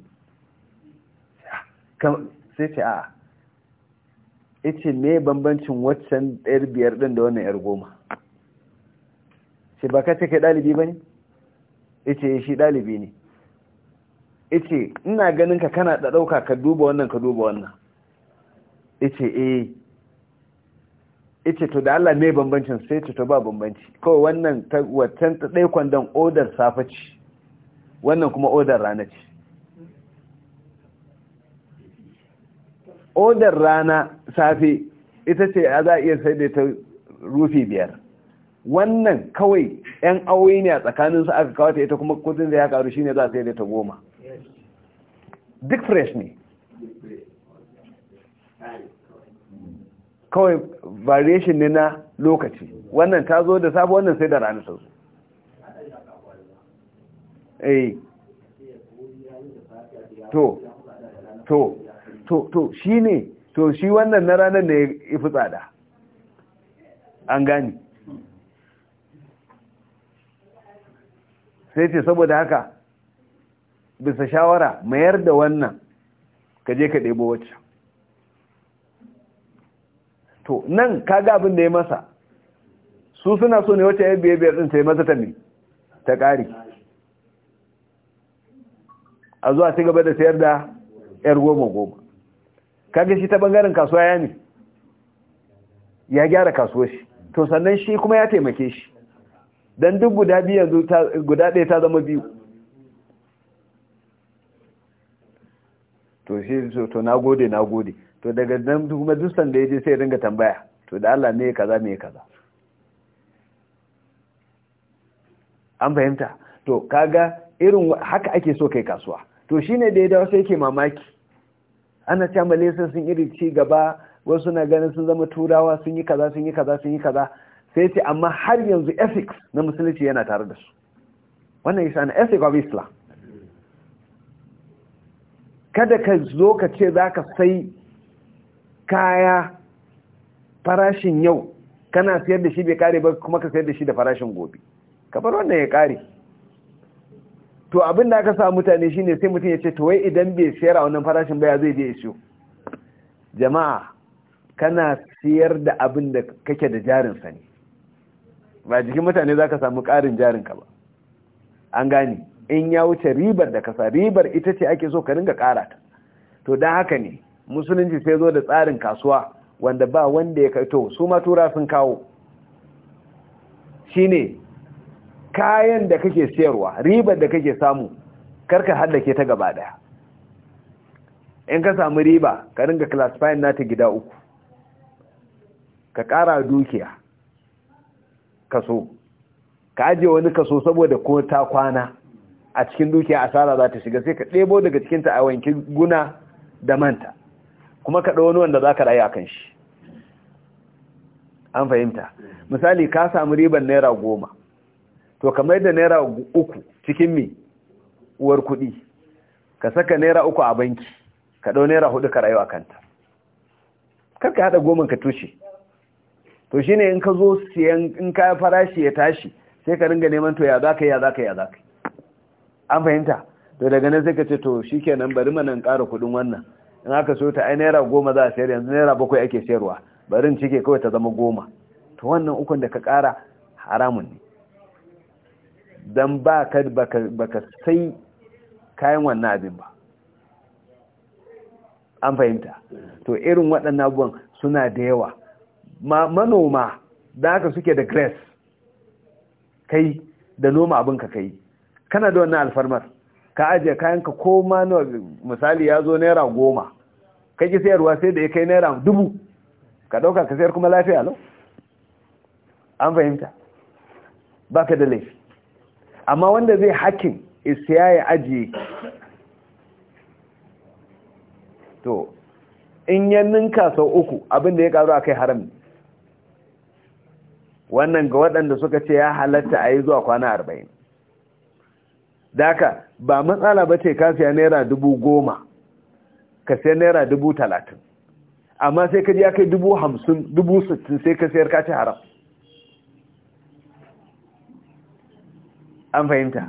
sai ce a ce me bambancin waccan ɗayar biyar ɗin da wannan yar goma ce ba ka ce kai ɗalibi ba ne ce eh, shi ɗalibi ne ce ina ganin ka kana da ɗauka ka duba wannan ka duba wannan ce eh ce to da Allah me bambancin sai ce to ba bambanci kawai wannan waccan ta ɗaya kwandon odar safaci wannan kuma odar rana ce odar rana safe ita ce za a iya sai da ta rufi biyar wannan kawai 'yan awoyi ne a tsakaninsu aka kawata ita kuma kudin da ya karu shine za a sai da ta goma duk fresh ne kawai variation ne na lokaci wannan ta zo da safe wannan sai da rana sosai eh to to to to shine to shi wannan na ranar da ya fi tsada an gani sai ce saboda haka bisa shawara mayar da wannan ka je ka ɗebo wacce to nan kaga abin da ya masa su suna so ne wacce ya biya biyar ɗin sai masa ta ne ta ƙari a zuwa ci gaba da sayar da yar goma goma kaga shi ta bangaren kasuwa ya ne ya gyara kasuwar shi to sannan shi kuma ya taimake shi don duk guda biyu yanzu guda ɗaya ta zama biyu to shi to na gode na gode to daga nan kuma duk sanda ya je sai ringa tambaya to da Allah ne kaza me kaza an fahimta to kaga irin haka ake so kai kasuwa to shi ne da ya dawo sai yake mamaki ana cewa malaysia sun iri ci gaba wasu na ganin sun zama turawa sun yi kaza sun yi kaza sun yi kaza sai ce amma har yanzu ethics na musulunci yana tare da su wannan yasa na ethic of islam kada ka zo ka ce za ka sai kaya farashin yau kana sayar da shi bai kare ba kuma ka sayar da shi da farashin gobe kamar wannan ya kare to abin da aka sa mutane shine sai mutum ya ce to wai idan bai siyar a wannan farashin ba ya zai je siyo jama'a kana siyar da abin da kake da jarin ne. ba jikin mutane za ka samu ƙarin ka ba an gane in ya wuce ribar da kasa ribar ita ce ake so ka ringa ƙara ta to don haka ne musulunci sai zo da tsarin kasuwa wanda ba wanda ya kai to su ma tura sun kawo shine kayan da kake siyarwa ribar da kake samu karka hallake ta gaba daya in ka samu riba ka ringa classifying nata gida uku ka kara dukiya kaso ka ajiye wani kaso saboda ko ta kwana a cikin dukiya asara za ta shiga sai ka ɗebo daga cikinta a wanki guna da manta kuma ka ɗau wani wanda za ka rayu a kan shi an fahimta misali ka samu riban naira goma to kamar da naira uku cikin mi uwar kuɗi ka saka naira uku a banki ka ɗau naira hudu ka rayu a kanta kar ka haɗa goma ka tushe to shi ne in ka zo siyan in ka farashi ya tashi sai ka ringa neman to ya za ka ya za ka ya za ka an fahimta to daga nan sai ka ce to shi kenan bari mana ƙara kuɗin wannan in aka so ta ai naira goma za a sayar yanzu naira bakwai ake sayarwa barin cike kawai ta zama goma to wannan ukun da ka ƙara haramun ne don ba ka baka sai kayan wannan abin ba an fahimta to irin waɗannan abubuwan suna da yawa manoma da aka suke da grace kai da noma abin ka kai kana da wannan alfarmar ka ajiye kayanka ko ma misali ya zo naira goma kake sayarwa sai da ya kai naira dubu ka ɗauka ka sayar kuma lafiya lau an fahimta ba ka da laifi amma wanda zai hakin isiya ya ajiye to in yanninka ninka sau uku abinda ya karu a kai haram wannan ga waɗanda suka ce ya halatta a yi zuwa kwana arba'in daka ba matsala ba ce ka siya naira dubu goma ka siya naira dubu talatin amma sai ka ji ya kai dubu hamsin dubu sittin sai ka sayar ka ci haram an fahimta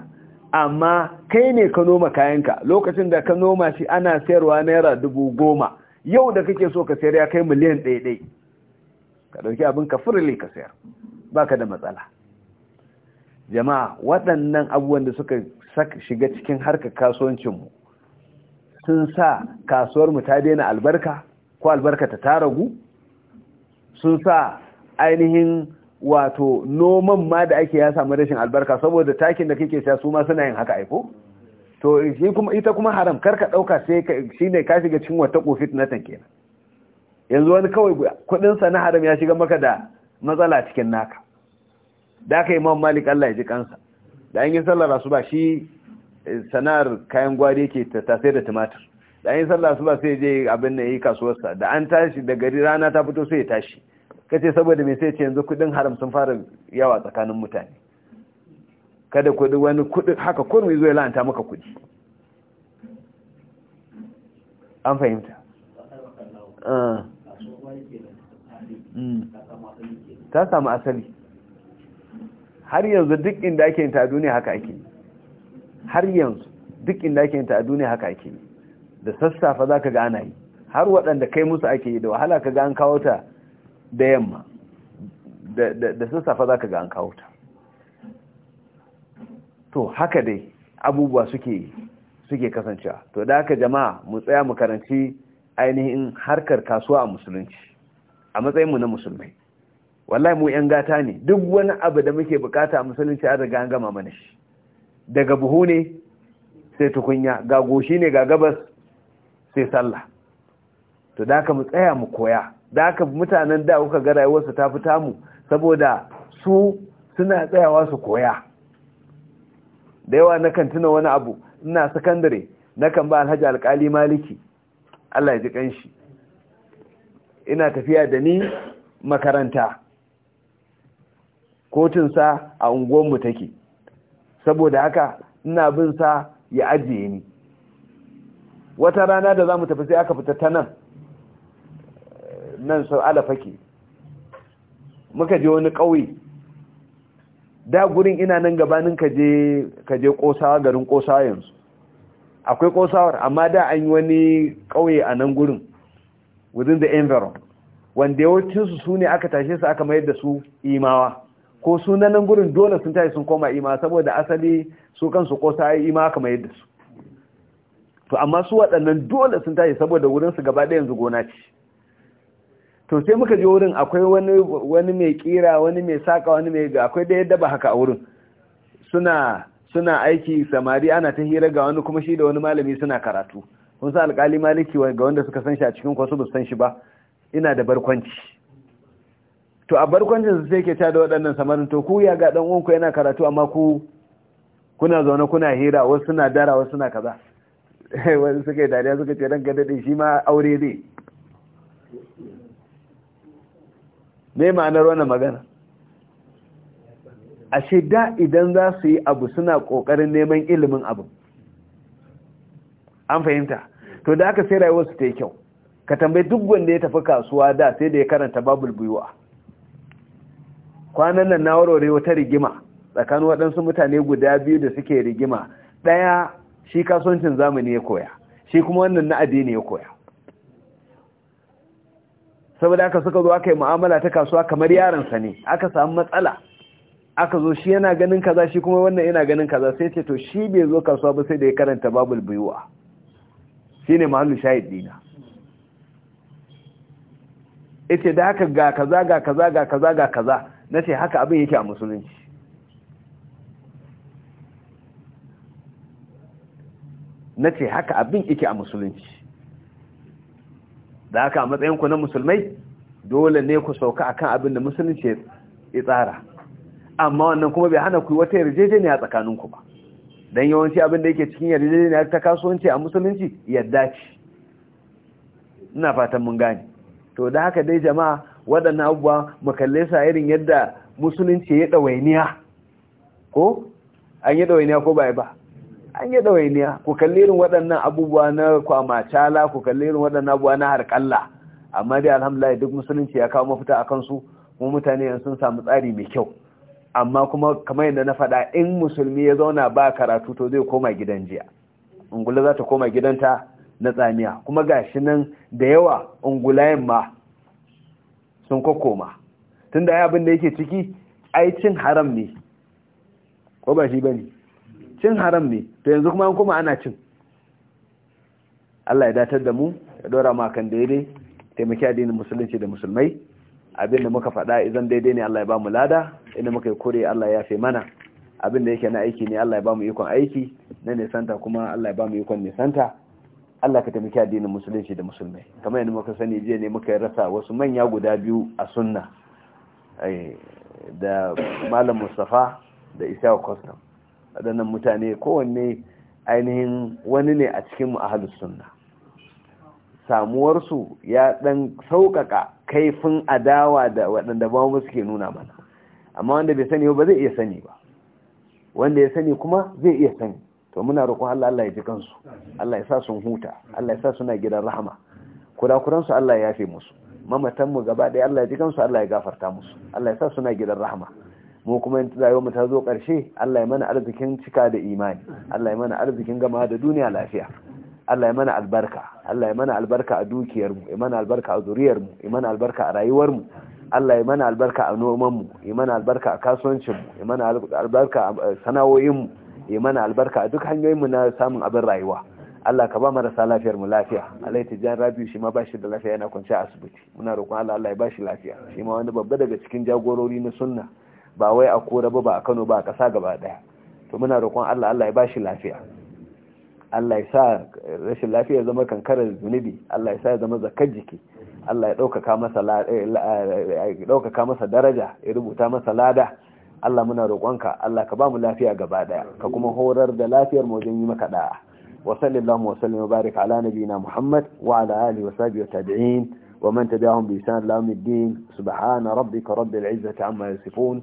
amma kai ne ka noma kayanka lokacin da ka noma shi ana sayarwa naira dubu goma yau da kake so ka sayar ya kai miliyan ɗaiɗai ka ɗauki abin ka furle ka sayar ba ka da matsala jama'a waɗannan abubuwan da suka shiga cikin harkar kasuwancinmu sun sa kasuwar mu ta daina albarka ko albarka ta ragu sun sa ainihin wato noman ma da ake ya samu rashin albarka saboda takin da kake sha su ma suna yin haka aiko to shi kuma ita kuma haram kar ka dauka sai shine ka shiga cikin wata kofit na tanke yanzu wani kawai kudin sa na haram ya shiga maka da matsala cikin naka da kai imam malik Allah ya ji kansa da an yi sallar asuba shi eh, sana'ar kayan gwari yake ta sai da tumatir da an yi sallar asuba sai je abin da yi kasuwarsa da an tashi da gari rana ta fito sai ya tashi kace saboda me sai ce yanzu kudin haram sun fara yawa tsakanin mutane kada kudi wani kudi haka kurmi zo ya lanta maka kudi an fahimta ah. hmm. ta samu asali har yanzu duk inda ake yin ta a duniya haka ake har yanzu duk inda ake yin ta a duniya haka ake da sassafa za ka ga ana yi har waɗanda kai musu ake yi da wahala ka ga an kawo ta da yamma da sassafa za ka ga an kawo ta to haka dai abubuwa suke suke kasancewa to da haka jama'a mu tsaya mu karanci ainihin harkar kasuwa a musulunci a matsayinmu na musulmai wallahi mu 'yan gata ne duk wani abu da muke bukata a musulunci a riga an gama mana shi daga buhu ne sai tukunya ga goshi ne ga gabas sai sallah to da haka mu tsaya mu koya da aka mutanen da kuka ga rayuwarsu ta fi tamu saboda su suna tsayawa su koya da yawa na kan tuna wani abu ina sakandare na kan ba alhaji alkali maliki Allah ya ji kanshi ina tafiya da ni makaranta kotunsa a unguwanmu take saboda haka ina bin sa ya ajiye ni wata rana da za mu tafi sai aka fita ta nan nan sau alafa ke. muka je wani ƙauye da gurin ina nan gabanin ka je ƙosawa garin ƙosawa yanzu akwai ƙosawar amma da an yi wani ƙauye a nan gurin within the environment wanda yawancinsu su ne aka tashe su aka mayar da su imawa ko nan gurin dole sun tashi sun koma imawa saboda asali su kansu ƙosawa imawa aka mayar da su to amma su waɗannan dole sun tashi saboda wurinsu gaba ɗaya yanzu gona ce to sai muka je wurin akwai wani wani mai kira wani mai saka wani mai ga akwai da yadda ba haka a wurin suna suna aiki samari ana ta hira ga wani kuma shi da wani malami suna karatu kun san alkali maliki ga wanda suka san shi a cikin kwasu ba san shi ba ina da barkwanci to a barkwancin su sai ke ta da waɗannan samarin to ku ya ga dan uwanku yana karatu amma ku kuna zaune kuna hira wasu suna dara wasu suna kaza [laughs] wani suka yi dariya suka ce ranka daɗe shi ma aure zai me ma'anar wannan magana a shida idan za su yi abu suna kokarin neman ilimin abu an fahimta to da aka sai rayuwar su ta yi kyau ka tambayi duk wanda ya tafi kasuwa da sai da ya karanta babul buyuwa kwanan nan na warware wata rigima tsakanin waɗansu mutane guda biyu da suke rigima ɗaya shi kasuwancin zamani ya koya shi kuma wannan na addini ya koya saboda aka suka zo aka yi mu'amala ta kasuwa kamar yaransa ne aka samu matsala aka zo shi yana ganin kaza shi kuma wannan yana ganin kaza sai ce to shi bai zo kasuwa ba sai da ya karanta babul buyuwa shine mahallu shahid dina ita da haka ga kaza ga kaza ga kaza ga kaza nace haka abin yake a musulunci nace haka abin yake a musulunci da haka a matsayinku na musulmai dole ne ku sauka a kan abin da musulunci ya tsara amma wannan kuma bai hana ku wata yarjejeniya a tsakaninku ba don yawanci abin da yake cikin yarjejeniya ta kasuwanci a musulunci yadda ce ina fatan mun gane to da haka dai jama'a waɗannan abubuwa mu kalle sa irin yadda musulunci ya ɗawainiya ko an yi ɗawainiya ko ba ba an yi ɗawainiya ku kalli irin waɗannan abubuwa na kwamacala ku kalli irin waɗannan abubuwa na harƙalla amma dai alhamdulahi duk musulunci ya kawo mafita a kansu mu mutane yan sun samu tsari mai kyau amma kuma kamar yadda na faɗa in musulmi ya zauna ba karatu to zai koma gidan jiya ungula za ta koma gidanta na tsamiya kuma ga gashi nan da yawa ungulayen ma sun kokoma tunda ai abin da yake ciki ai cin haram ne ko ba shi bane cin haram ne to yanzu kuma an kuma ana cin Allah ya datar da mu ya dora mu kan daidai taimaki addinin musulunci da musulmai abin da muka faɗa idan daidai ne Allah ya ba lada inda muka yi kore Allah ya fi mana abin da yake na aiki ne Allah ya ba ikon aiki na nisanta kuma Allah ya ba ikon nisanta Allah ka taimaki addinin musulunci da musulmai kamar yadda muka sani jiya ne muka rasa wasu manya guda biyu a sunna eh, da malam Mustafa da Isa kwastam waɗannan mutane kowanne ainihin wani ne a cikin ahalus sunna samuwarsu ya ɗan sauƙaƙa kaifin adawa da waɗanda ba mu suke nuna mana amma wanda bai sani ba zai iya sani ba wanda ya sani kuma zai iya sani to muna roƙon Allah Allah ya ji kansu Allah ya sa sun huta Allah ya sa suna gidan rahama kurakuransu Allah ya yafe musu mamatanmu gaba ɗaya Allah ya ji kansu Allah ya gafarta musu Allah ya sa suna gidan rahama mu kuma yin rayuwar mu ta zo ƙarshe Allah ya mana arzikin cika da imani Allah ya mana arzikin gama da duniya lafiya Allah ya mana albarka Allah ya mana albarka a dukiyar mu ya mana albarka a zuriyar mu ya mana albarka a rayuwar mu Allah ya mana albarka a noman mu ya mana albarka a kasuwancin mu ya mana albarka a sana'o'in mu ya mana albarka a duk hanyoyin mu na samun abin rayuwa Allah ka ba marasa lafiyar mu lafiya ya tijan Rabi'u shi ma shi da lafiya yana kwance a asibiti muna roƙon Allah Allah ya ba shi lafiya shi ma wani babba daga cikin jagorori na sunna ba wai a kora ba a kano ba a ƙasa gaba ɗaya to muna roƙon allah allah ya ba shi lafiya allah ya sa rashin lafiya zama kankarar zunubi allah ya sa ya zama zakar jiki allah eh, eh, ya ɗaukaka masa daraja ya rubuta masa lada allah muna roƙonka allah ka ba mu lafiya gaba ɗaya ka kuma horar da lafiyar mu wajen yi maka ɗaya وصلى اللهم وسلم وبارك على نبينا محمد وعلى آله وصحبه والتابعين ومن تبعهم بإسان لهم الدين سبحان ربك رب العزة عما يصفون